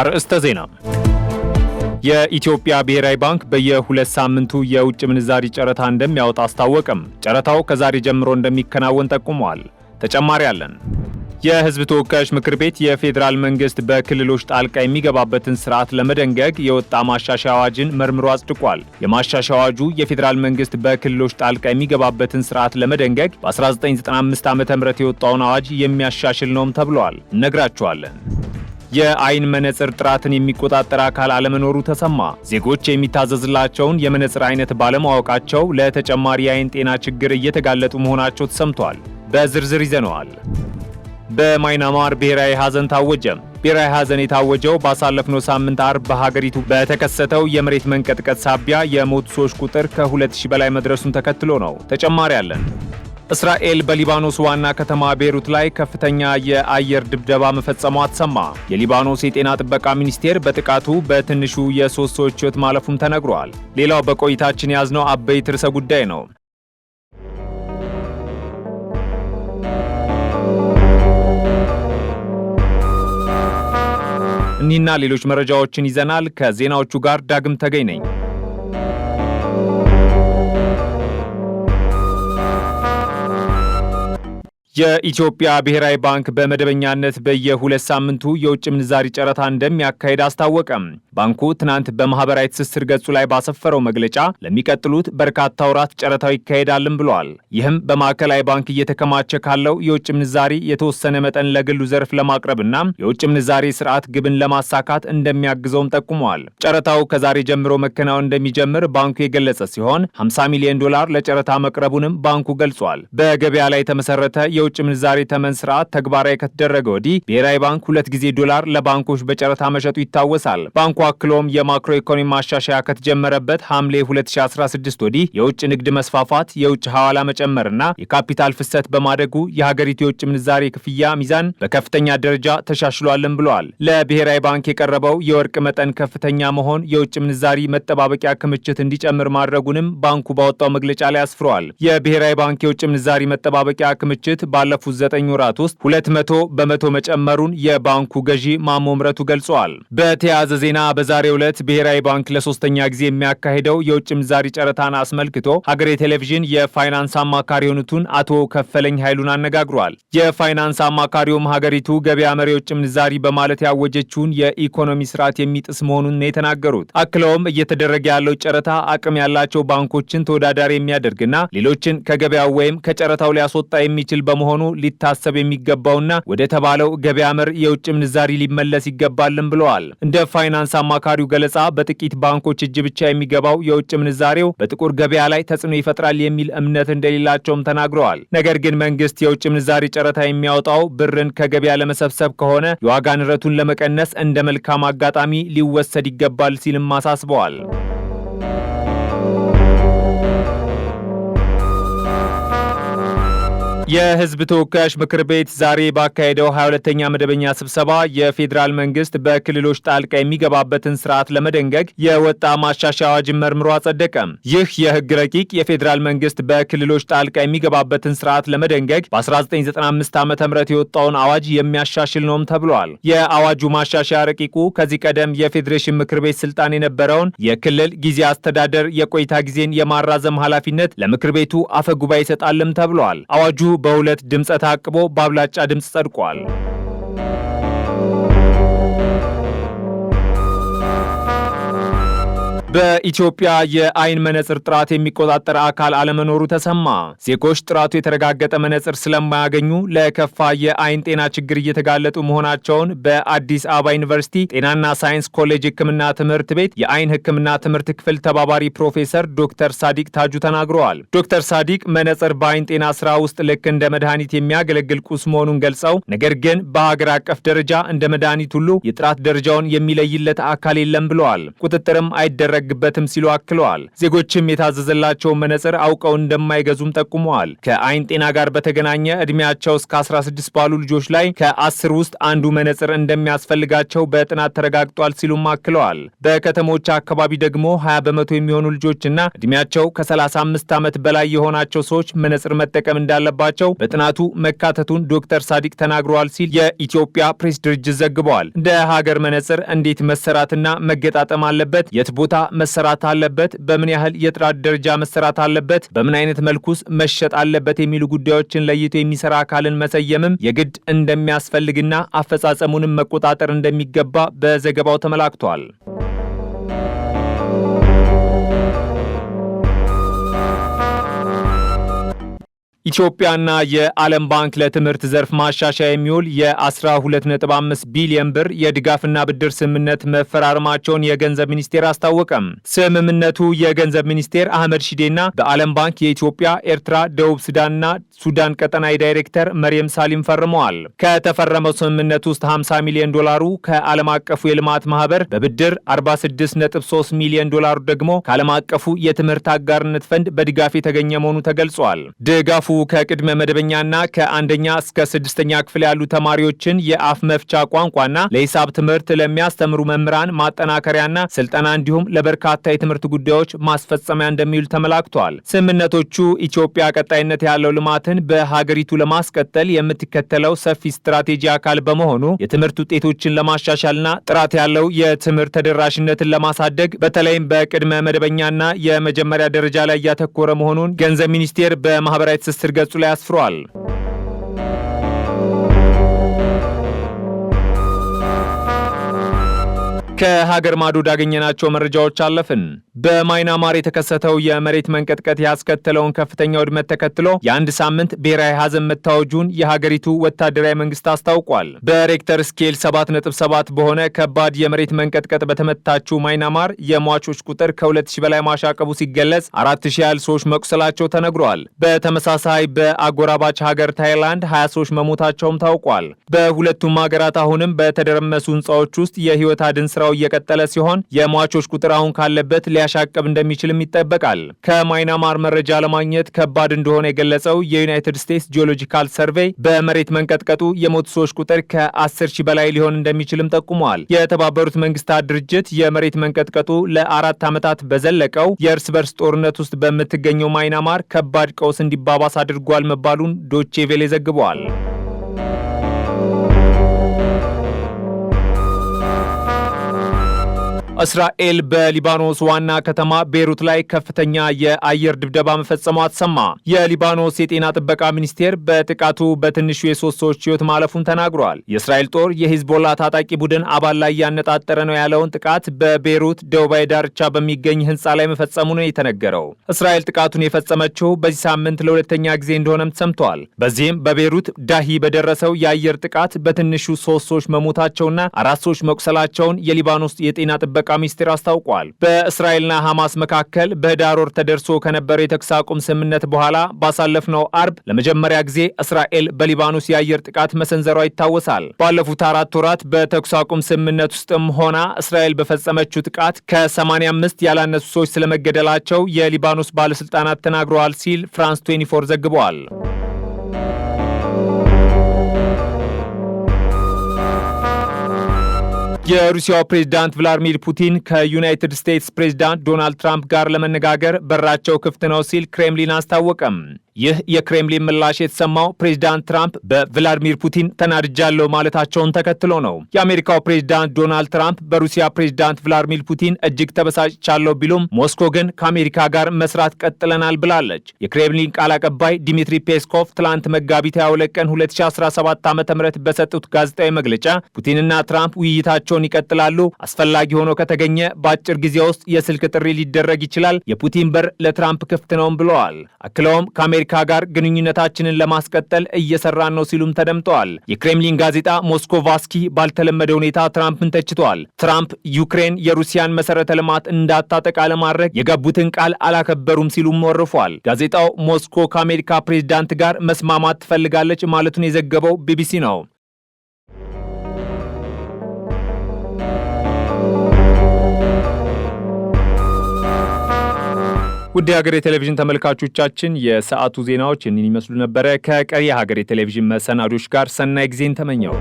አርዕስተ ዜና የኢትዮጵያ ብሔራዊ ባንክ በየሁለት ሳምንቱ የውጭ ምንዛሪ ጨረታ እንደሚያወጣ አስታወቀም። ጨረታው ከዛሬ ጀምሮ እንደሚከናወን ጠቁመዋል። ተጨማሪ አለን። የሕዝብ ተወካዮች ምክር ቤት የፌዴራል መንግስት በክልሎች ጣልቃ የሚገባበትን ስርዓት ለመደንገግ የወጣ ማሻሻያ አዋጅን መርምሮ አጽድቋል። የማሻሻያ አዋጁ የፌዴራል መንግስት በክልሎች ጣልቃ የሚገባበትን ስርዓት ለመደንገግ በ1995 ዓ ም የወጣውን አዋጅ የሚያሻሽል ነውም ተብለዋል። እነግራችኋለን። የአይን መነጽር ጥራትን የሚቆጣጠር አካል አለመኖሩ ተሰማ። ዜጎች የሚታዘዝላቸውን የመነጽር አይነት ባለማወቃቸው ለተጨማሪ የአይን ጤና ችግር እየተጋለጡ መሆናቸው ተሰምቷል። በዝርዝር ይዘነዋል። በማይናማር ብሔራዊ ሐዘን ታወጀ። ብሔራዊ ሐዘን የታወጀው ባሳለፍነው ሳምንት አርብ በሀገሪቱ በተከሰተው የመሬት መንቀጥቀጥ ሳቢያ የሞቱ ሰዎች ቁጥር ከ2000 በላይ መድረሱን ተከትሎ ነው። ተጨማሪ አለን። እስራኤል በሊባኖስ ዋና ከተማ ቤሩት ላይ ከፍተኛ የአየር ድብደባ መፈጸሟ ተሰማ። የሊባኖስ የጤና ጥበቃ ሚኒስቴር በጥቃቱ በትንሹ የሶስት ሰዎች ሕይወት ማለፉም ተነግሯል። ሌላው በቆይታችን ነው አበይት ርዕሰ ጉዳይ ነው። እኒህና ሌሎች መረጃዎችን ይዘናል። ከዜናዎቹ ጋር ዳግም ተገኝ ነኝ። የኢትዮጵያ ብሔራዊ ባንክ በመደበኛነት በየሁለት ሳምንቱ የውጭ ምንዛሪ ጨረታ እንደሚያካሄድ አስታወቀም። ባንኩ ትናንት በማህበራዊ ትስስር ገጹ ላይ ባሰፈረው መግለጫ ለሚቀጥሉት በርካታ ወራት ጨረታው ይካሄዳልም ብሏል። ይህም በማዕከላዊ ባንክ እየተከማቸ ካለው የውጭ ምንዛሪ የተወሰነ መጠን ለግሉ ዘርፍ ለማቅረብና የውጭ ምንዛሪ ስርዓት ግብን ለማሳካት እንደሚያግዘውም ጠቁመዋል። ጨረታው ከዛሬ ጀምሮ መከናወን እንደሚጀምር ባንኩ የገለጸ ሲሆን 50 ሚሊዮን ዶላር ለጨረታ መቅረቡንም ባንኩ ገልጿል። በገበያ ላይ የተመሰረተ የውጭ ምንዛሬ ተመን ስርዓት ተግባራዊ ከተደረገ ወዲህ ብሔራዊ ባንክ ሁለት ጊዜ ዶላር ለባንኮች በጨረታ መሸጡ ይታወሳል። ባንኩ አክሎም የማክሮ ኢኮኖሚ ማሻሻያ ከተጀመረበት ሐምሌ 2016 ወዲህ የውጭ ንግድ መስፋፋት፣ የውጭ ሐዋላ መጨመርና የካፒታል ፍሰት በማደጉ የሀገሪቱ የውጭ ምንዛሬ ክፍያ ሚዛን በከፍተኛ ደረጃ ተሻሽሏልም ብለዋል። ለብሔራዊ ባንክ የቀረበው የወርቅ መጠን ከፍተኛ መሆን የውጭ ምንዛሪ መጠባበቂያ ክምችት እንዲጨምር ማድረጉንም ባንኩ ባወጣው መግለጫ ላይ አስፍረዋል። የብሔራዊ ባንክ የውጭ ምንዛሪ መጠባበቂያ ክምችት ባለፉት ዘጠኝ ወራት ውስጥ ሁለት መቶ በመቶ መጨመሩን የባንኩ ገዢ ማሞ ምረቱ ገልጸዋል። በተያያዘ ዜና በዛሬው ዕለት ብሔራዊ ባንክ ለሶስተኛ ጊዜ የሚያካሂደው የውጭ ምንዛሪ ጨረታን አስመልክቶ ሀገሬ ቴሌቪዥን የፋይናንስ አማካሪ የሆኑትን አቶ ከፈለኝ ኃይሉን አነጋግሯል። የፋይናንስ አማካሪውም ሀገሪቱ ገበያ መሪ የውጭ ምንዛሪ በማለት ያወጀችውን የኢኮኖሚ ስርዓት የሚጥስ መሆኑን ነው የተናገሩት። አክለውም እየተደረገ ያለው ጨረታ አቅም ያላቸው ባንኮችን ተወዳዳሪ የሚያደርግና ሌሎችን ከገበያው ወይም ከጨረታው ሊያስወጣ የሚችል በመሆ በመሆኑ ሊታሰብ የሚገባውና ወደ ተባለው ገበያ መር የውጭ ምንዛሪ ሊመለስ ይገባልን ብለዋል። እንደ ፋይናንስ አማካሪው ገለጻ በጥቂት ባንኮች እጅ ብቻ የሚገባው የውጭ ምንዛሬው በጥቁር ገበያ ላይ ተጽዕኖ ይፈጥራል የሚል እምነት እንደሌላቸውም ተናግረዋል። ነገር ግን መንግስት የውጭ ምንዛሪ ጨረታ የሚያወጣው ብርን ከገበያ ለመሰብሰብ ከሆነ የዋጋ ንረቱን ለመቀነስ እንደ መልካም አጋጣሚ ሊወሰድ ይገባል ሲልም አሳስበዋል። የህዝብ ተወካዮች ምክር ቤት ዛሬ ባካሄደው 22 ተኛ መደበኛ ስብሰባ የፌዴራል መንግስት በክልሎች ጣልቃ የሚገባበትን ስርዓት ለመደንገግ የወጣ ማሻሻያ አዋጅን መርምሮ አጸደቀ። ይህ የህግ ረቂቅ የፌዴራል መንግስት በክልሎች ጣልቃ የሚገባበትን ስርዓት ለመደንገግ በ1995 ዓ ም የወጣውን አዋጅ የሚያሻሽል ነውም ተብሏል። የአዋጁ ማሻሻያ ረቂቁ ከዚህ ቀደም የፌዴሬሽን ምክር ቤት ስልጣን የነበረውን የክልል ጊዜ አስተዳደር የቆይታ ጊዜን የማራዘም ኃላፊነት ለምክር ቤቱ አፈ ጉባኤ ይሰጣልም ተብሏል። አዋጁ በሁለት ድምፀ ታቅቦ በአብላጫ ድምፅ ጸድቋል። በኢትዮጵያ የአይን መነጽር ጥራት የሚቆጣጠር አካል አለመኖሩ ተሰማ። ዜጎች ጥራቱ የተረጋገጠ መነጽር ስለማያገኙ ለከፋ የአይን ጤና ችግር እየተጋለጡ መሆናቸውን በአዲስ አበባ ዩኒቨርሲቲ ጤናና ሳይንስ ኮሌጅ ሕክምና ትምህርት ቤት የአይን ሕክምና ትምህርት ክፍል ተባባሪ ፕሮፌሰር ዶክተር ሳዲቅ ታጁ ተናግረዋል። ዶክተር ሳዲቅ መነጽር በአይን ጤና ስራ ውስጥ ልክ እንደ መድኃኒት የሚያገለግል ቁስ መሆኑን ገልጸው ነገር ግን በሀገር አቀፍ ደረጃ እንደ መድኃኒት ሁሉ የጥራት ደረጃውን የሚለይለት አካል የለም ብለዋል። ቁጥጥርም አይደረግ አይዘረግበትም ሲሉ አክለዋል። ዜጎችም የታዘዘላቸውን መነጽር አውቀው እንደማይገዙም ጠቁመዋል። ከአይን ጤና ጋር በተገናኘ እድሜያቸው እስከ 16 ባሉ ልጆች ላይ ከአስር ውስጥ አንዱ መነጽር እንደሚያስፈልጋቸው በጥናት ተረጋግጧል ሲሉም አክለዋል። በከተሞች አካባቢ ደግሞ 20 በመቶ የሚሆኑ ልጆችና እድሜያቸው ከ35 ዓመት በላይ የሆናቸው ሰዎች መነጽር መጠቀም እንዳለባቸው በጥናቱ መካተቱን ዶክተር ሳዲቅ ተናግረዋል ሲል የኢትዮጵያ ፕሬስ ድርጅት ዘግበዋል። እንደ ሀገር መነጽር እንዴት መሰራትና መገጣጠም አለበት፣ የት ቦታ መሰራት አለበት? በምን ያህል የጥራት ደረጃ መሰራት አለበት? በምን አይነት መልኩስ መሸጥ አለበት? የሚሉ ጉዳዮችን ለይቶ የሚሰራ አካልን መሰየምም የግድ እንደሚያስፈልግና አፈጻጸሙንም መቆጣጠር እንደሚገባ በዘገባው ተመላክቷል። ኢትዮጵያና የዓለም ባንክ ለትምህርት ዘርፍ ማሻሻያ የሚውል የ12.5 ቢሊዮን ብር የድጋፍና ብድር ስምምነት መፈራረማቸውን የገንዘብ ሚኒስቴር አስታወቀም። ስምምነቱ የገንዘብ ሚኒስቴር አህመድ ሺዴና በዓለም ባንክ የኢትዮጵያ፣ ኤርትራ፣ ደቡብ ሱዳንና ሱዳን ቀጠናዊ ዳይሬክተር መርየም ሳሊም ፈርመዋል። ከተፈረመው ስምምነት ውስጥ 50 ሚሊዮን ዶላሩ ከዓለም አቀፉ የልማት ማህበር በብድር 46.3 ሚሊዮን ዶላሩ ደግሞ ከዓለም አቀፉ የትምህርት አጋርነት ፈንድ በድጋፍ የተገኘ መሆኑ ተገልጿል። ድጋፉ ከቅድመ መደበኛና ከአንደኛ እስከ ስድስተኛ ክፍል ያሉ ተማሪዎችን የአፍ መፍቻ ቋንቋና ለሂሳብ ትምህርት ለሚያስተምሩ መምህራን ማጠናከሪያና ስልጠና እንዲሁም ለበርካታ የትምህርት ጉዳዮች ማስፈጸሚያ እንደሚውል ተመላክቷል። ስምምነቶቹ ኢትዮጵያ ቀጣይነት ያለው ልማትን በሀገሪቱ ለማስቀጠል የምትከተለው ሰፊ ስትራቴጂ አካል በመሆኑ የትምህርት ውጤቶችን ለማሻሻልና ጥራት ያለው የትምህርት ተደራሽነትን ለማሳደግ በተለይም በቅድመ መደበኛና የመጀመሪያ ደረጃ ላይ እያተኮረ መሆኑን ገንዘብ ሚኒስቴር በማህበራዊ ትስስር በትስስር ገጹ ላይ አስፍሯል። ከሀገር ማዶ ዳገኘናቸው መረጃዎች አለፍን። በማይናማር የተከሰተው የመሬት መንቀጥቀጥ ያስከተለውን ከፍተኛ ውድመት ተከትሎ የአንድ ሳምንት ብሔራዊ ሀዘን መታወጁን የሀገሪቱ ወታደራዊ መንግስት አስታውቋል። በሬክተር ስኬል 7.7 በሆነ ከባድ የመሬት መንቀጥቀጥ በተመታችው ማይናማር የሟቾች ቁጥር ከ2000 በላይ ማሻቀቡ ሲገለጽ 4000 ያህል ሰዎች መቁሰላቸው ተነግሯል። በተመሳሳይ በአጎራባች ሀገር ታይላንድ 20 ሰዎች መሞታቸውም ታውቋል። በሁለቱም ሀገራት አሁንም በተደረመሱ ህንፃዎች ውስጥ የህይወት አድን ስራ ስራው እየቀጠለ ሲሆን የሟቾች ቁጥር አሁን ካለበት ሊያሻቅብ እንደሚችልም ይጠበቃል። ከማይናማር መረጃ ለማግኘት ከባድ እንደሆነ የገለጸው የዩናይትድ ስቴትስ ጂኦሎጂካል ሰርቬይ በመሬት መንቀጥቀጡ የሞቱ ሰዎች ቁጥር ከ10 ሺህ በላይ ሊሆን እንደሚችልም ጠቁመዋል። የተባበሩት መንግስታት ድርጅት የመሬት መንቀጥቀጡ ለአራት ዓመታት በዘለቀው የእርስ በርስ ጦርነት ውስጥ በምትገኘው ማይናማር ከባድ ቀውስ እንዲባባስ አድርጓል መባሉን ዶቼ ቬሌ ዘግበዋል። እስራኤል በሊባኖስ ዋና ከተማ ቤሩት ላይ ከፍተኛ የአየር ድብደባ መፈጸሟ ተሰማ። የሊባኖስ የጤና ጥበቃ ሚኒስቴር በጥቃቱ በትንሹ የሶስት ሰዎች ሕይወት ማለፉን ተናግሯል። የእስራኤል ጦር የሂዝቦላ ታጣቂ ቡድን አባል ላይ ያነጣጠረ ነው ያለውን ጥቃት በቤሩት ደቡባዊ ዳርቻ በሚገኝ ሕንፃ ላይ መፈጸሙ ነው የተነገረው። እስራኤል ጥቃቱን የፈጸመችው በዚህ ሳምንት ለሁለተኛ ጊዜ እንደሆነም ተሰምተዋል። በዚህም በቤሩት ዳሂ በደረሰው የአየር ጥቃት በትንሹ ሶስት ሰዎች መሞታቸውና አራት ሰዎች መቁሰላቸውን የሊባኖስ የጤና ጥበቃ ጥበቃ ሚኒስቴር አስታውቋል። በእስራኤልና ሐማስ መካከል በህዳር ወር ተደርሶ ከነበረ የተኩስ አቁም ስምምነት በኋላ ባሳለፍነው አርብ ለመጀመሪያ ጊዜ እስራኤል በሊባኖስ የአየር ጥቃት መሰንዘሯ ይታወሳል። ባለፉት አራት ወራት በተኩስ አቁም ስምምነት ውስጥም ሆና እስራኤል በፈጸመችው ጥቃት ከ85 ያላነሱ ሰዎች ስለመገደላቸው የሊባኖስ ባለስልጣናት ተናግረዋል ሲል ፍራንስ 24 ዘግበዋል። የሩሲያው ፕሬዝዳንት ቭላዲሚር ፑቲን ከዩናይትድ ስቴትስ ፕሬዝዳንት ዶናልድ ትራምፕ ጋር ለመነጋገር በራቸው ክፍት ነው ሲል ክሬምሊን አስታወቀም። ይህ የክሬምሊን ምላሽ የተሰማው ፕሬዚዳንት ትራምፕ በቭላዲሚር ፑቲን ተናድጃለሁ ማለታቸውን ተከትሎ ነው። የአሜሪካው ፕሬዚዳንት ዶናልድ ትራምፕ በሩሲያ ፕሬዚዳንት ቭላዲሚር ፑቲን እጅግ ተበሳጭቻለሁ ቢሉም ሞስኮ ግን ከአሜሪካ ጋር መስራት ቀጥለናል ብላለች። የክሬምሊን ቃል አቀባይ ዲሚትሪ ፔስኮቭ ትላንት መጋቢት 22 ቀን 2017 ዓ ም በሰጡት ጋዜጣዊ መግለጫ ፑቲንና ትራምፕ ውይይታቸውን ይቀጥላሉ፣ አስፈላጊ ሆኖ ከተገኘ በአጭር ጊዜ ውስጥ የስልክ ጥሪ ሊደረግ ይችላል፣ የፑቲን በር ለትራምፕ ክፍት ነውም ብለዋል። አክለውም ከአሜሪካ ጋር ግንኙነታችንን ለማስቀጠል እየሰራን ነው ሲሉም ተደምጠዋል። የክሬምሊን ጋዜጣ ሞስኮቫስኪ ባልተለመደ ሁኔታ ትራምፕን ተችቷል። ትራምፕ ዩክሬን የሩሲያን መሰረተ ልማት እንዳታጠቃ ለማድረግ የገቡትን ቃል አላከበሩም ሲሉም ወርፏል። ጋዜጣው ሞስኮ ከአሜሪካ ፕሬዚዳንት ጋር መስማማት ትፈልጋለች ማለቱን የዘገበው ቢቢሲ ነው። ውድ የሀገሬ ቴሌቪዥን ተመልካቾቻችን የሰዓቱ ዜናዎች እኒን ይመስሉ ነበረ። ከቀሪ የሀገሬ ቴሌቪዥን መሰናዶች ጋር ሰናይ ጊዜን ተመኘው።